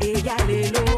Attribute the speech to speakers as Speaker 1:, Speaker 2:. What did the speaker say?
Speaker 1: ella le lo